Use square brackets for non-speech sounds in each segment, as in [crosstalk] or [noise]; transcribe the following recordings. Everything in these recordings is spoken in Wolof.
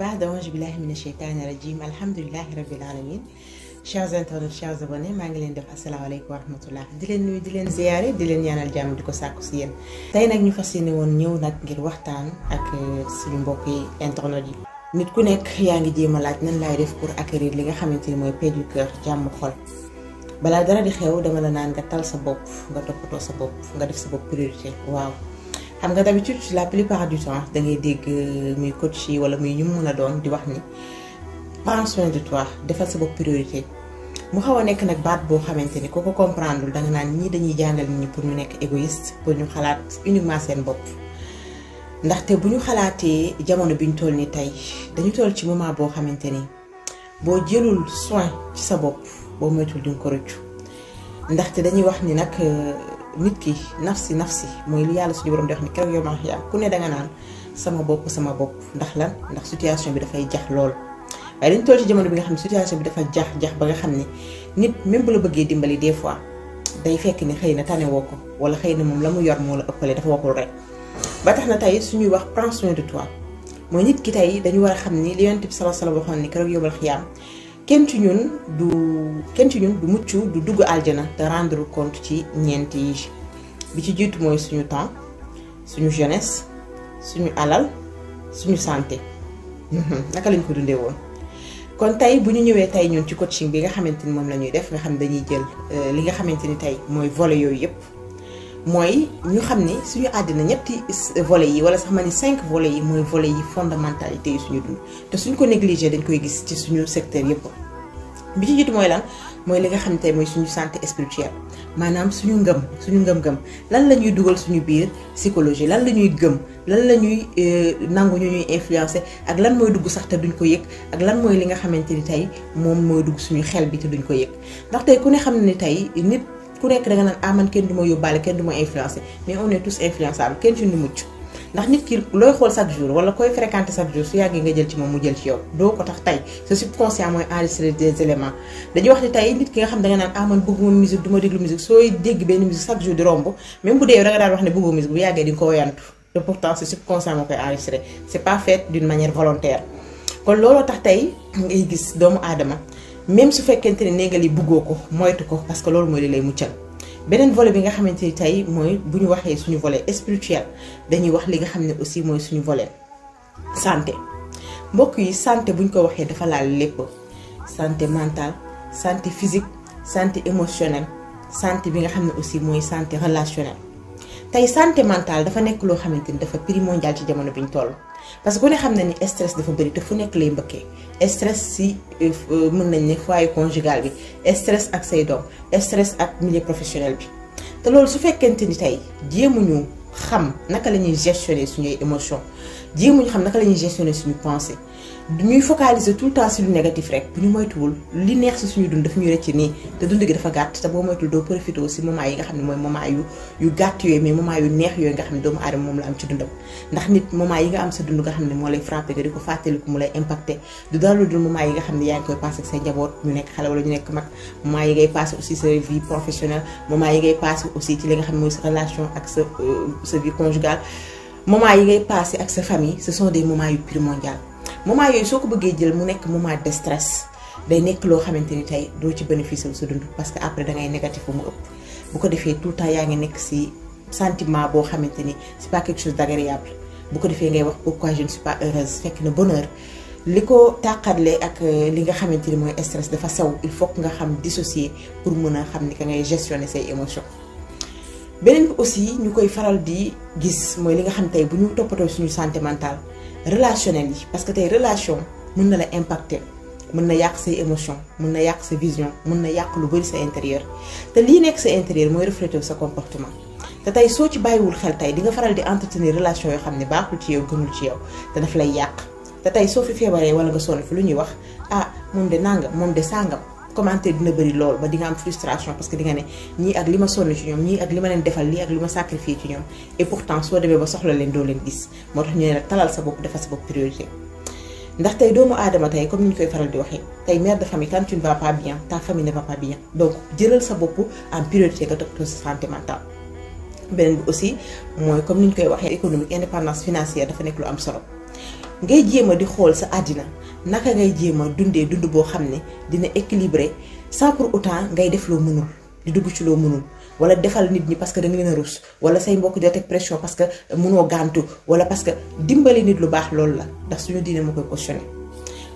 baax awuusu billaahi mina sheytaani rajiim alhamdulilaahi rabbil aalamiin chers internautes chers abonnés maa ngi leen def asalaamaaleykum wa rahmatullah di leen nuyu di leen ziyaare di leen ñaanal jàmm di ko sàkku si yéen tey nag ñu fas yéene woon ñëw nag ngir waxtaan ak eh, suñu mbokk yi internautes yi nit ku nekk yaa ngi jéem a laaj nan laay def pour acquérir li nga xamante ni mooy paix du cœur jàmm xol balaa dara di xew dama la naan nga tal sa bopp nga toppatoo sa bopp nga def sa bopp priorité waaw xam nga d'habitude la plupart du temps da ngay dégg euh, muy coach yi wala muy ñu mun a doon di wax ni prends soin de toi defal sa bopp priorité mu xaw a nekk nag baat boo xamante ni ku ko comprendre danga naan ñii dañuy jàngal nit ñi pour ñu nekk égoïste pour ñu xalaat uniquement seen bopp. ndaxte bu ñu xalaatee jamono bi ñu toll ni tey dañu toll ci moment boo xamante ni boo jëlul soin ci sa bopp boo moytul di ko rëccu ndaxte dañuy wax ni nag. Euh, nit ki nafsi nafsi mooy li yàlla suñu borom di wax ni keroog yow ma yaa ku ne danga naan sama bopp sama bopp ndax lan ndax situation bi dafay jax lool. waaye dañ toll ci jamono bi nga xam ne situation bi dafa jax jax ba nga xam ne nit même bu la bëggee dimbali des fois day fekk ni xëy na tane woo ko wala xëy na moom la mu yor moo la ëppalee dafa waxul rek. ba tax na tey suñuy wax prends soin de toi mooy nit ki tey dañu war a xam ni li yonent bi sallallahu alayhi wa sallam waxoon ni keroog yowmal xiyaam kenn ci ñun du kenn ci ñun du mucc du dugg aljana te rendre compte ci ñeenti yi bi ci jiitu mooy suñu temps suñu jeunesse suñu alal suñu santé [laughs] naka lañ ko dundee woon. kon tey bu ñu ñëwee tey ñun ci coaching bi nga xamante ni moom la ñuy def nga xam dañuy jël euh, li nga xamante ni tey mooy vole yooyu yëpp. mooy ñu xam ne suñu àddina ñetti volets yi wala sax ma ni cinq volets yi mooy volets yi fondamentalité yi suñu dund te suñ ko négligé dañ koy gis ci suñu secteur yëpp bi ci jiitu mooy lan mooy li nga xam te mooy suñu santé spirituelle maanaam suñu ngëm suñu ngëm-ngëm lan la ñuy dugal suñu biir psychologie lan la ñuy gëm lan la ñuy euh, nangu ñu ñuy influencer ak lan mooy dugg sax duñ ko yëg ak lan mooy li nga xamante ni tey moom mooy dugg suñu xel bi te duñ ko yëg ndax ku ne xam ne ni tey nit. ku nekk da nga naan ah man kenn du ma yóbbaale kenn du ma influencé mais on est tous influençables kenn ci nu ndax nit ki looy xool chaque jour wala koy fréquenter chaque jour su yàggee nga jël ci moom mu jël ci yow doo ko tax tey wax ni tey nit ki nga xam da nga naan ah man bëgguma musique du ma déglu musique sooy dégg benn musique chaque jour di romb même dee yow da daan wax ne bëggoo musique bu yàggee di ko woyantu te pourtant sa subconscient moo koy enregistrer c'est pas tey ngay gis doomu aadama même su fekkente ne néegal yi buggoo ko moytu ko parce que loolu mooy li lay muccal beneen volet bi nga xamante ni tey mooy bu ñu waxee suñu volet spirituel dañuy wax li nga xam ne aussi mooy suñu volet santé mbokk yi santé buñ ko waxee dafa laal lépp santé mentale santé physique santé émotionnelle santé bi nga xam ne aussi mooy santé relationnelle tey santé dafa nekk loo xamante ni dafa primordial ci jamono bi ñu toll parce que ku ne xam na ni stress dafa bëri te fu nekk lay mbëkkee stress si euh, mën nañ ne foyer conjugal bi stress ak say doom stress ak milieu professionnel bi te loolu su fekkente ni tey jéemuñu xam naka la ñuy gestionner suñuy émotion jéemuñu xam naka la ñuy gestionner suñu pensée ñuy focaliser tout le temps si lu négatif rek bu ñu moytuwul li neex si suñu dund daf ñuy rëcc nii te dund gi dafa gàtt te boo moytuwul yi nga xam ne mooy moment yu yu gàtt yooyu mais moment yu neex yooyu nga xam ne doomu moom la am ci dundam ndax nit moment yi nga am sa dund nga xam ne moo lay yi nga xam ne yaa ngi koy passé ak say njaboot ñu nekk xale wala ñu nekk mag moment yi ngay passé aussi sa vie professionnelle moment yi ngay passé aussi ci li nga xam ne mooy sa relation ak sa euh, vie conjugale moments yi ngay passé ak sa famille ce sont des moments yu primordial moment yooyu soo ko bëggee jël mu nekk moment de stress day nekk loo xamante ni tey doo ci bénéfice wu sa dund parce que après da ngay négatif bu mu ëpp bu ko defee tout le temps yaa ngi nekk si sentiment boo xamante ni c'est pas quelque chose d'agréable bu ko defee ngay wax pourquoi je ne suis pas heureuse fekk na bonheur li ko tàqatle ak euh, li nga xamante ni mooy stress dafa sew il faut que nga xam dissocier pour mën a xam ni que ngay gestionner say émotions. beneen bi aussi ñu koy faral di gis mooy li nga xam tey bu ñu toppatoo suñu santé mentale relationnel yi parce que tey relation mën na la impacter mën na yàq say émotion mën na yàq sa vision mën na yàq lu bari sa intérieur te lii nekk sa intérieur mooy refléter sa comportement te tey soo ci bàyyiwul xel tey di nga faral di entretenir relation yoo xam ne baaxul ci yow gënul ci yow te dafa lay yàq te tey soo fi feebaree wala nga sonn fi lu ñuy wax ah moom de nangam moom de sàngam commentaire dina bëri lool ba di nga am frustration parce que dinga ne ñii ak li ma sonn ci ñoom ñii ak li ma leen defal lii ak li ma sacrifié ci ñoom et pourtant soo demee ba soxla leen doo leen gis moo tax ñu ne sa bopp defal sa ndax tey doomu aadama tey comme ni ñu koy faral di waxee tey mère de famille quand tu ne vas pas bien jëlal sa bopp en priorité nga toppatoo sa santé beneen bi mooy comme ni ñu koy waxee économique indépendance financière dafa nekk lu am solo ngay jéem a di xool sa àddina naka ngay jéem a dundee dund boo xam ne dina équilibré sans pour autant ngay def loo mënul di dugg ci loo mënul wala defal nit ñi parce que da nga leen a rus wala say mbokk jotee pression parce que mënoo gàntu wala parce que dimbali nit lu baax loolu la ndax suñu diine ma koy cautionné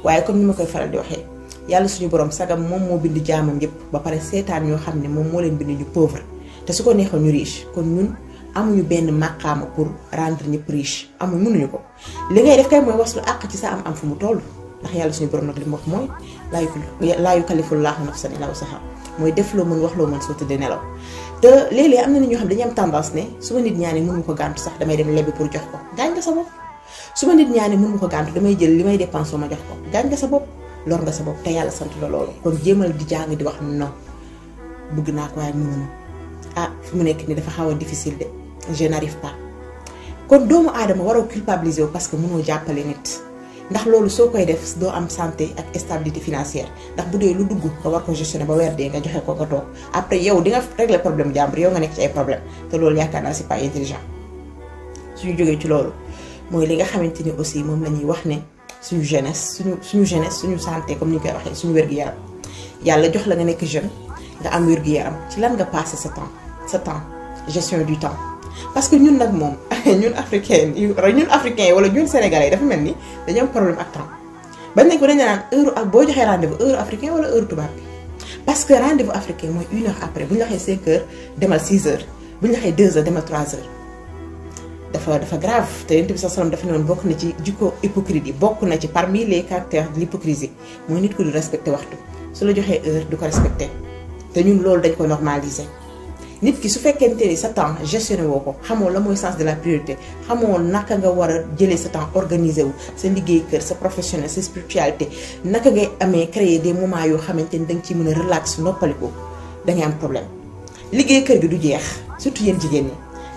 waaye comme ni ma koy faral di waxee yàlla suñu borom sagam moom moo bind jaamam yëpp ba pare seetaan ñoo xam ne moom moo leen bind ñu pauvre te su ko neexoon ñu riche kon ñun amuñu benn màqaama pour rendre ñëpp riche amuñu mënuñu ko li ngay def kay mooy waslu àq ci sa am am fu mu toll ndax yàlla suñu borom nag li mu wax mooy laa yukallifu llaahu nafsan illaa wus'ahaa mooy def loo mën wax loo mën soo tëddee nelaw te léeg-léeg am na nit ñoo xam dañuy am tendance ne su ma nit ñaanee mënu ko gàntu sax damay dem lebbi pour jox ko gaañ nga sa bopp su ma nit ñaanee mënu ma ko gàntu damay jël li may dépense ma jox ko gaañ nga sa bopp lor nga sa bopp te yàlla sant la loolu kon jéemal di jàng di wax non bëgg naa ko waaye mënuma ah fi mu nekk ni dafa xaw a difficile de je n'arrive pas kon doomu aadama waroo culpabiliser wu parce que mënoo jàppale nit ndax loolu soo koy def doo am santé ak stabilité financière ndax bu dee lu dugg nga war ko gestionner ba weer dee nga joxe ko nga toog après yow di nga régler problème jàmbur yow nga nekk ci ay problème te loolu yaakaar naa c'est pas intelligent suñu jógee ci loolu mooy li nga xamante ni aussi moom la ñuy wax ne suñu jeunesse suñu suñu jeunesse suñu santé comme ni ñu koy waxee suñu wér-gu-yaram yàlla jox la nga nekk jeune nga am wér-gu-yaram ci lan nga passé sa temps sa temps gestion du temps parce que waaye [laughs] ñun africain ñun africain wala ñun yi dafa mel ni dañu am problème ak temps bañ nañ ko dañ naan heure ak boo joxee rendez-vous heure africain wala heure tubaab bi parce que rendez-vous africain mooy une heure après bu ñu waxee 5 heures demal 6 heures bu ñu waxee 2 heures demal 3 heures dafa dafa grave te yonent bi sa salaam dafa ne woon bokk na ci jikko hypocrite yi bokk na ci parmi les caractères de l'hypocrisie mooy nit ko du respecté waxtu su la joxee du ko respecté te ñun loolu dañ ko normaliser nit ki su fekkente ni sa temps gestionné woo ko xamoo la mooy sens de la priorité xamoo naka nga war a jëlee sa temps organisé wu sa liggéey kër sa professionnel sa spiritualité naka ngay amee créer de moments yoo xamante ni da ciy mën a relax noppaliku da ngay am problème. liggéey kër gi du jeex surtout yéen jigéen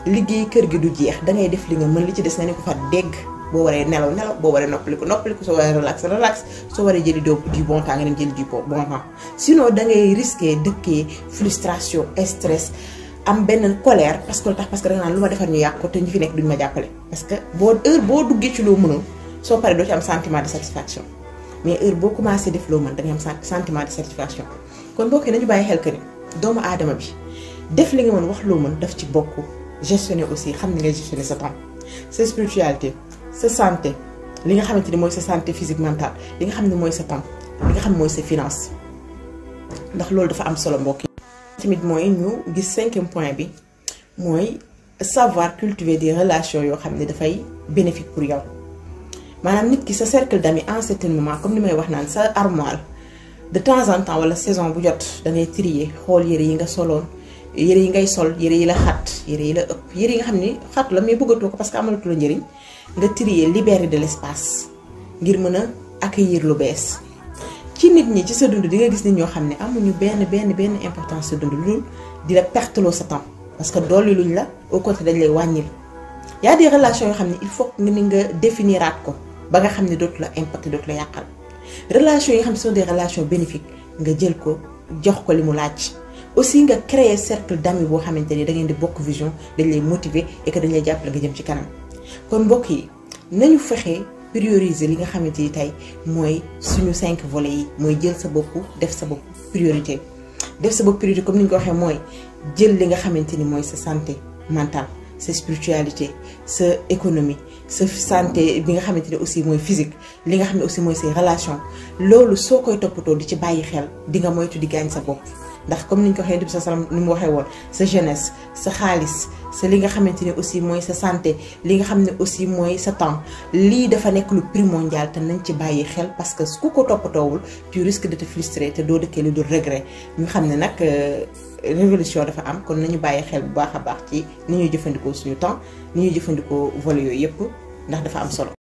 ñi liggéey kër gi du jeex da ngay def li nga mën li ci des na ne ko fa dégg. boo waree nelaw nelaw boo waree noppaliku noppaliku soo waree relax relax soo waree jëli doo du bon temps nga dem jëli du bon temps sinon da ngay risquer dëkkee frustration stress am benn colère parce lu tax parce que da naan lu ma defar ñu yàq ko te ñu fi nekk duñu ma jàppale. parce que boo heure boo duggee ci loo mënul soo paree doo ci am sentiment de satisfaction mais heure boo commencé def loo mën da nga am sentiment de satisfaction kon mbokk yi nañu bàyyi xel que doomu aadama bi def li nga mën wax loo mën daf ci bokk gestionner aussi xam ni ngay gestionner sa temps sa spiritualité sa santé li nga xamante ni mooy sa santé physique li nga xam ne mooy sa temps li nga xam ne mooy sa finance ndax loolu dafa am solo mbokk tamit mooy ñu gis cinquième point bi mooy savoir cultiver de relations yoo xam ne dafay bénéfique pour yow maanaam nit ki sa cercle d'amis en certain moment comme ni may wax naan sa armoire de temps en temps wala saison bu jot da ngay trier xool yére yi nga soloon yére yi ngay sol yére yi la xat yére yi la ëpp yére yi nga xam ni xatu la mais bëggatoo ko parce que amalatu la njëriñ nga trier libérer de l'espace ngir mën a accueillir lu bees ci nit ñi ci sa dund di nga gis nit ñoo xam ne amuñu benn benn benn importance sa dund loolu di la perteloo sa temps parce que dolli luñ la au contraire dañ lay wàññil yaa a relation yoo xam ne il faut nga ni nga définiraat ko ba nga xam ne dootu la impacté dootu la yàqal relations yi xam ne ce sont des relations nga jël ko jox ko li mu laaj aussi nga créer cercle d'amis boo xamante ni da ngeen di bokk vision dañ lay motiver et que dañ lay jàppale nga jëm ci kanam kon mbokk yi nañu fexe. prioriser li nga xamante ni tey mooy suñu cinq volets yi mooy jël sa bopp def sa bopp priorité def sa bopp comme ni ñu ko waxee mooy jël li nga xamante ni mooy sa santé mentale sa spiritualité sa économie sa santé bi nga xamante ne aussi mooy physique li nga xam ne aussi mooy say relation loolu soo koy toppatoo di ci bàyyi xel di nga moytu di gaañ sa bopp ndax comme ni ñu ko waxee sa sallam ni mu waxee woon sa jeunesse sa xaalis sa li nga xamante ne aussi mooy sa santé li nga xam ne aussi mooy sa temps lii dafa nekk lu primordial te nañ ci bàyyi xel parce que ku ko toppatoowul tu risques de te te doo dëkkee lu dul regret ñu xam ne nag euh, révolution dafa am kon nañu bàyyi xel bu baax a baax ci ni ñuy jëfandikoo suñu temps ni ñuy jëfandikoo volet yooyu yëpp ndax dafa am solo.